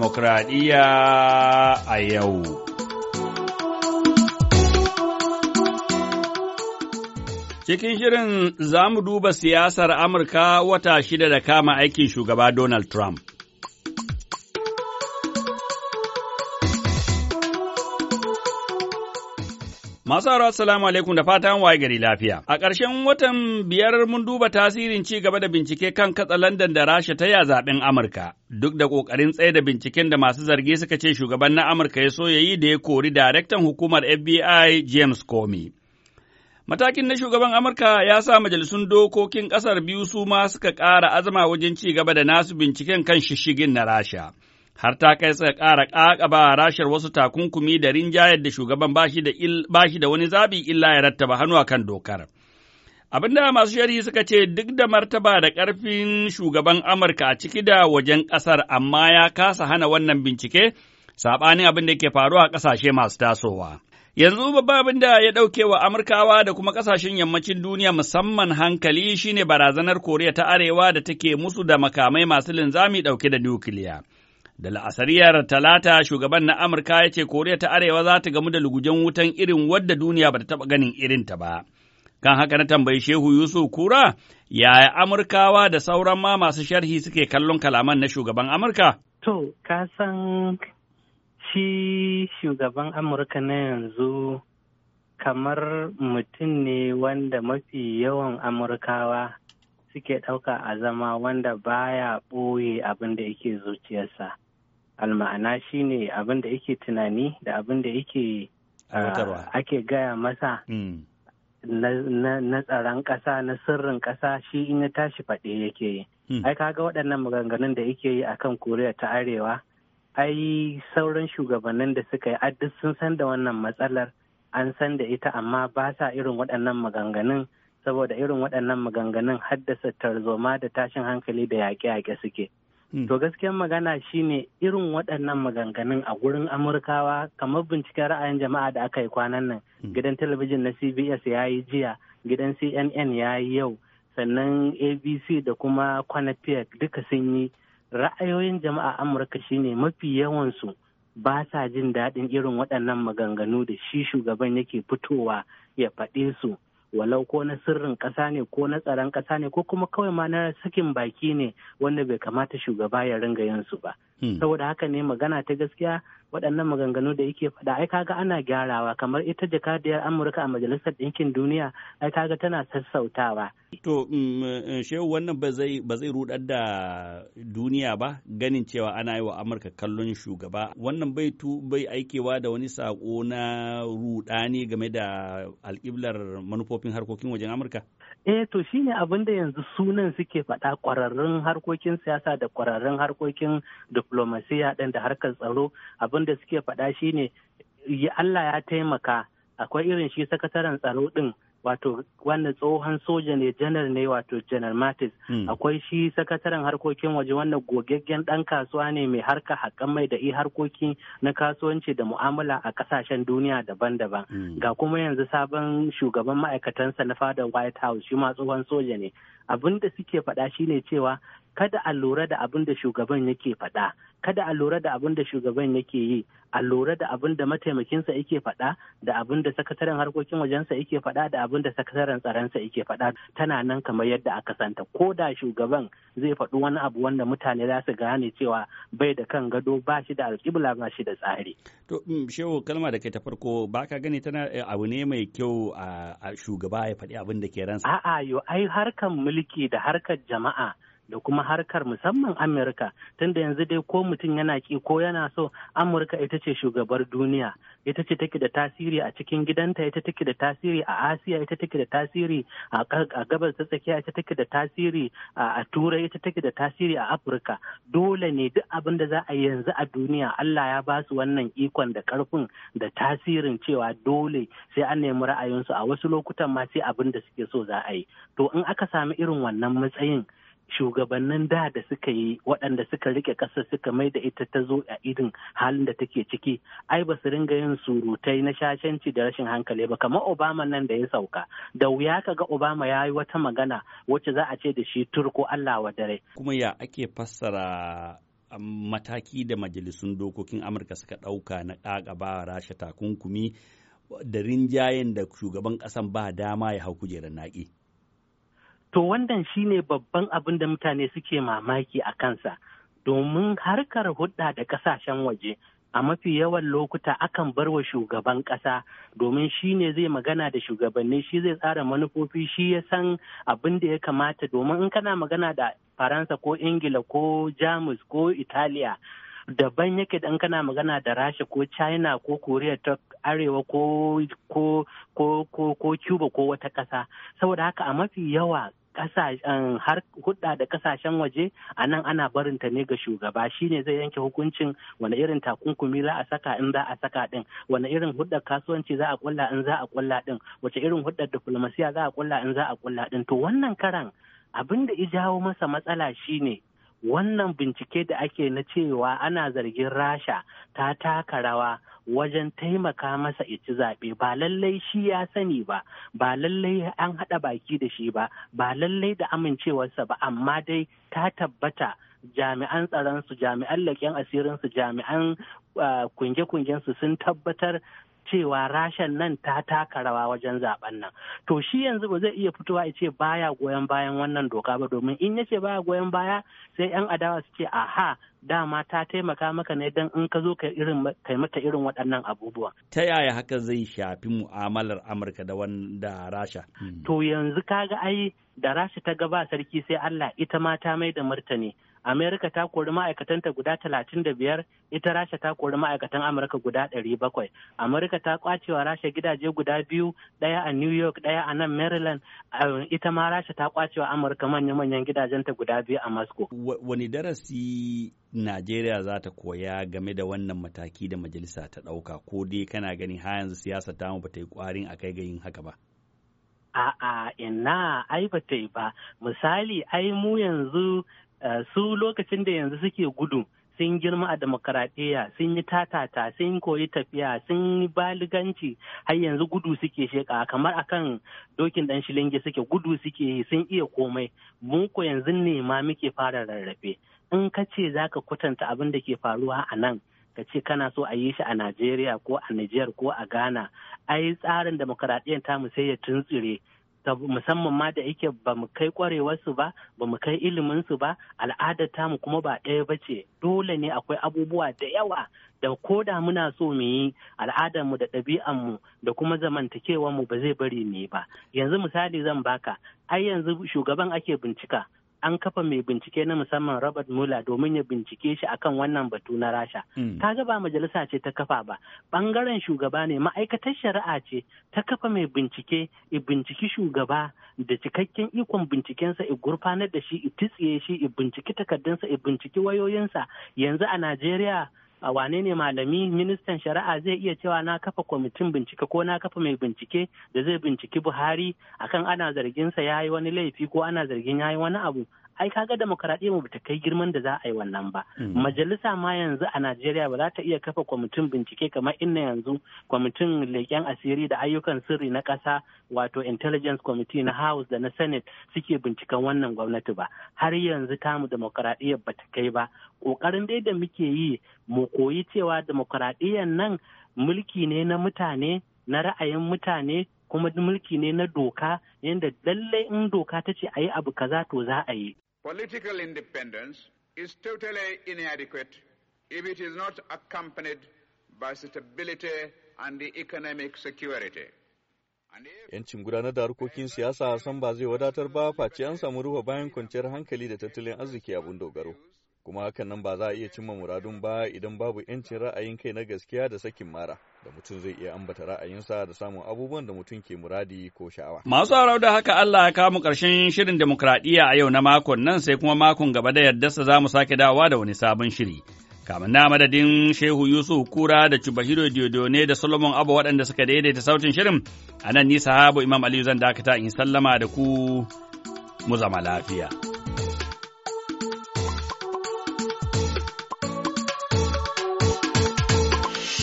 demokradiyya a yau. Cikin shirin za mu duba siyasar Amurka wata shida da kama aikin shugaba Donald Trump. Masu haro assalamu alaikum da fatan waye gari lafiya. A ƙarshen watan biyar mun duba tasirin ci gaba da bincike kan katsa London da Rasha ta ya zaɓen Amurka. Duk da ƙoƙarin tsaye da binciken da masu zargi suka ce shugaban na Amurka ya so ya yi da ya kori daraktan hukumar FBI James Comey. Matakin na shugaban Amurka ya sa majalisun dokokin ƙasar biyu su ma suka ƙara azama wajen ci gaba da nasu binciken kan shishigin na Rasha. har ta kai suka ƙara ƙaƙaba rashar wasu takunkumi da rinjayar da shugaban bashi da wani zabi illa ya rattaba hannu a kan dokar. Abin da masu shari'i suka ce duk da martaba da ƙarfin shugaban Amurka a ciki da wajen ƙasar amma ya kasa hana wannan bincike saɓanin abin da ke faruwa a ƙasashe masu tasowa. Yanzu babban abin da ya ɗauke wa Amurkawa da kuma ƙasashen yammacin duniya musamman hankali shine barazanar Koriya ta Arewa da take musu da makamai masu linzami ɗauke da nukiliya. Da la'asariyar talata shugaban na Amurka ya ce Koriya ta Arewa za ta gamu da lugujen wutan irin wadda duniya ba ta taɓa ganin irinta ba. Kan haka na tambayi Shehu Yusuf Kura, yaya Amurkawa da sauran ma masu sharhi suke kallon kalaman na shugaban Amurka? To, ka san shi shugaban Amurka na yanzu kamar mutum ne wanda mafi yawan Amurkawa suke ɗauka a zama wanda baya ɓoye abin da yake zuciyarsa. alma'ana shine abin da yake tunani da abin da yake ah, ake gaya masa mm. na tsaron ƙasa na sirrin kasa shi in tashi faɗe yake yi mm. ai kaga waɗannan maganganun da yake yi akan koriya ta arewa ai sauran shugabannin da suka yi duk sun san da wannan matsalar an san da ita amma ba sa irin waɗannan maganganun saboda irin waɗannan maganganun haddasa tarzoma da tashin hankali da yaƙe-yaƙe suke Mm. To gaskiyar magana shine irin waɗannan maganganun a gurin Amurkawa kamar binciken ra'ayin jama'a da aka yi kwanan nan mm. gidan talabijin na CBS ya yi jiya gidan CNN ya yi yau sannan ABC da kuma Quinnipiac duka sun yi ra'ayoyin jama'a Amurka shine mafi yawansu ba sa jin daɗin irin waɗannan maganganu da shi shugaban yake fitowa ya faɗe su walau ko na sirrin ƙasa ne ko na tsaron ƙasa ne ko kuma kawai ma na sakin baki ne wanda bai kamata shugaba ya ringa yin su ba Hmm. saboda haka ne magana ta gaskiya waɗannan maganganu da yake faɗa ai kaga ana gyarawa kamar ita jakadiyar amurka a majalisar ɗinkin duniya ai kaga tana sassautawa to mm, eh, eh, shehu wannan ba zai rudar da duniya ba ganin cewa ana yi wa amurka kallon shugaba wannan bai tu bai aikewa da wani sako na rudani game da alƙiblar manufofin harkokin wajen amurka Eh to shine abin da yanzu sunan suke faɗa kwararrun harkokin siyasa da kwararrun harkokin diplomasiya ɗin da harkar tsaro abin da suke faɗa shine Allah ya taimaka akwai irin shi sakataren tsaro ɗin wato wannan tsohon soja ne janar ne wato janar matis hmm. akwai shi sakataren harkokin waje wannan gogaggen dan kasuwa ne mai harka haƙan mai da i harkoki na kasuwanci da mu'amala a kasashen duniya daban-daban hmm. ga kuma yanzu sabon shugaban ma'aikatansa na fadar white house shi ma tsohon soja ne abin da suke faɗa shine cewa kada a lura da abin da shugaban yake faɗa kada a lura da abin da shugaban yake yi a lura da abin da mataimakinsa yake faɗa da abin da sakataren harkokin wajensa yake faɗa da abin da sakataren tsaronsa yake faɗa tana nan kamar yadda aka santa ko da shugaban zai faɗi wani abu wanda mutane za su gane cewa bai da kan gado ba shi da alƙibla ba shi da tsari. to mm, shehu kalma da kai ta farko ba ka gani tana eh, abu ne mai kyau a shugaba ya faɗi abin da ke ransa. a'a yo ai harkan mulki da harkar jama'a da kuma harkar musamman amurka tunda yanzu dai ko mutum yana ki ko yana so amurka ita ce shugabar duniya ita ce take da tasiri a cikin gidanta ita take da tasiri a asiya ita take da tasiri a gabas ta tsakiya ita take da tasiri a turai ita take da tasiri a afirka dole ne duk abin da za a yi yanzu a duniya allah ya ba su wannan ikon da karfin da tasirin cewa dole sai an nemi ra'ayinsu a wasu lokutan ma sai abin da suke so za a yi to in aka sami irin wannan matsayin shugabannin da da suka yi waɗanda suka rike ƙasa suka mai da ita ta zo a irin halin da take ciki ai ba su ringa yin surutai na shashanci da rashin hankali ba kamar obama nan da ya sauka da wuya ka ga obama ya yi wata magana wacce za a ce da shi turko allah wa dare kuma ya ake fassara um, mataki da majalisun dokokin amurka suka ɗauka na ba rasha takunkumi da rinjayen da shugaban ƙasan ba dama ya hau kujerar naƙi. To wannan shine babban abin da mutane suke mamaki a kansa, domin harkar hudda da kasashen waje a mafi yawan lokuta akan bar wa shugaban ƙasa domin shi ne zai magana da shugabanni shi zai tsara manufofi shi ya san abin da ya kamata domin in kana magana da faransa ko ingila ko jamus ko italiya daban yake dan kana magana da rasha ko china ko koriya ta arewa ko ko ko ko cuba ko wata ƙasa saboda haka a mafi yawa har hudda da kasashen waje a nan ana barinta ne ga shugaba shi ne zai yanke hukuncin wani irin takunkumi za a saka in za a saka din wani irin hudda kasuwanci za a kulla in za a kulla din wace irin hudda diplomasiya za a kulla in za a kulla din to wannan karan abin da jawo masa matsala shine wannan bincike da ake na cewa ana zargin rasha ta taka rawa wajen taimaka masa ci zaɓe ba lallai shi ya sani ba ba lallai an haɗa baki da shi ba ba lallai da amincewarsa ba amma dai ta tabbata jami'an tsaronsu jami'an laƙen asirinsu jami'an ah, kunge-kungensu sun tabbatar cewa rashan nan ta taka rawa wajen zaben nan to shi yanzu ba zai iya fitowa ya ce baya goyon bayan wannan doka ba domin in yace ce baya goyon baya sai yan adawa su ce aha dama ta taimaka maka ne don in ka zo kai mata irin waɗannan abubuwan. Ta yaya haka zai shafi mu'amalar Amurka da wanda Rasha? To yanzu kaga ai da Rasha ta gaba sarki sai Allah ita ma ta mai da martani. Amerika ta kori ma'aikatanta guda talatin da biyar, ita Rasha ta kori ma'aikatan Amurka guda ɗari bakwai. Amurka ta kwacewa Rasha gidaje guda biyu, ɗaya a New York, ɗaya a nan Maryland, eh, ita ma Rasha ta kwacewa Amurka manya-manyan gidajenta guda biyu a Moscow. Wani darasi Najeriya za ta koya game da wannan mataki da majalisa ta ɗauka, ko dai kana ganin har yanzu siyasa ta mu ba ta yi ƙwarin a kai ga yin haka ba. a'a ina ai ba ta yi ba misali ai mu yanzu Eh, su lokacin da yanzu suke gudu sun girma a demokaradiyya sun yi tatata sun koyi tafiya sun yi baliganci har yanzu gudu suke sheka kamar akan dokin dan shilingi suke gudu suke sun iya komai mu ko yanzu ne ma muke fara rarrafe in ka ce za ka kwatanta abin da ke faruwa a nan ka ce kana so a yi shi a Najeriya ko a Nijar ko a Ghana ai tsarin demokaradiyyar tamu sai ya tuntsire musamman ma da yake ba mu kai kwarewarsu ba ba mu kai iliminsu ba al'adar tamu kuma ba ɗaya ba ce dole ne akwai abubuwa da yawa da ko da muna so mu yi mu da mu da kuma mu ba zai bari ne ba yanzu misali zan baka ai yanzu shugaban ake bincika an kafa mai bincike na musamman Robert Mueller domin ya bincike shi akan wannan batu na Rasha. Hmm. ga ba majalisa ce ta kafa ba, bangaren shugaba ne ma'aikatar shari'a ce ta kafa mai bincike i binciki shugaba da cikakken ikon bincikensa i gurfanar da shi i titsiye shi i binciki takardunsa i binciki wayoyinsa yanzu a Najeriya a wane ne malami ministan shari'a zai iya cewa na kafa kwamitin bincike ko na kafa mai bincike da zai binciki buhari akan ana zarginsa ya yi wani laifi ko ana zargin yayi wani abu ai kaga demokaradiyya mu bata kai girman da za a yi wannan ba mm. majalisa ma yanzu a Najeriya ba za ta iya kafa kwamitin bincike kamar inna yanzu kwamitin leƙen asiri da ayyukan sirri na ƙasa wato intelligence committee na house da na senate suke binciken wannan gwamnati ba har yanzu tamu demokaradiyya bata kai ba ƙoƙarin dai da muke yi mu koyi cewa demokaradiyyar nan mulki ne na mutane na ra'ayin mutane kuma mulki ne na doka yadda lallai in doka ta ce a yi abu kaza to za a yi Political independence is totally inadequate if it is not accompanied by stability and the economic security. Yancin gudanar da harkokin siyasa san ba zai wadatar ba face an samu ruwa bayan kwanciyar hankali da tattalin arziki abun dogaro. kuma hakan nan ba za a iya cimma muradun ba idan babu yancin ra'ayin kai na gaskiya da sakin mara da mutum zai iya ambata ra'ayinsa da samun abubuwan da mutum ke muradi ko sha'awa. Masu harau da haka Allah ya kamu karshen shirin demokradiyya a yau na makon nan sai kuma makon gaba da sa za mu sake dawowa da wani sabon shiri. Kamin na madadin Shehu Yusuf Kura da Diodo, ne da Solomon Abu waɗanda suka daidaita sautin shirin, a nan ni sahabu Imam Aliyu zan dakata in sallama da ku mu zama lafiya.